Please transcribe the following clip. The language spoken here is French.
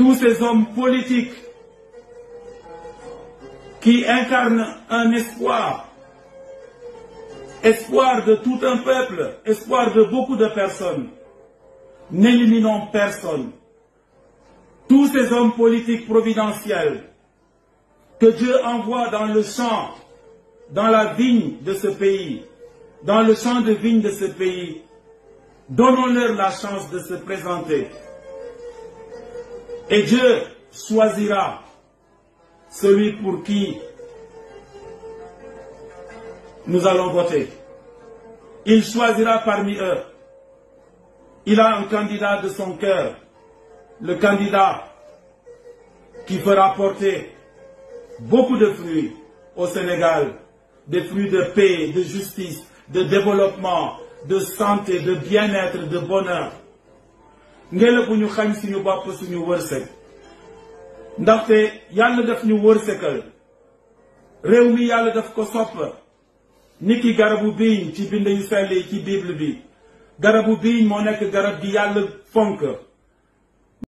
tous ces hommes politiques qui incarnent un espoir, espoir de tout un peuple, espoir de beaucoup de personnes. N'éliminons personne. Tous ces hommes politiques providentiels que Dieu envoie dans le champ, dans la vigne de ce pays, dans le champ de vigne de ce pays, donnons-leur la chance de se présenter. Et Dieu choisira celui pour qui nous allons voter. Il choisira parmi eux. Il a un candidat de son cœur, le candidat qui fera porter beaucoup de fruits au Sénégal, des fruits de paix, de justice, de développement, de santé, de bien-être, de bonheur. ngela bu ñu xañ suñu bopp suñu wërsëg ndaxte yàlla daf ñu wërsëgal réew mi yàlla daf ko sopp niki garabu biiñ ci bind yu sell ci bible bi garabu biiñ moo nekk garab gi yàlla fonk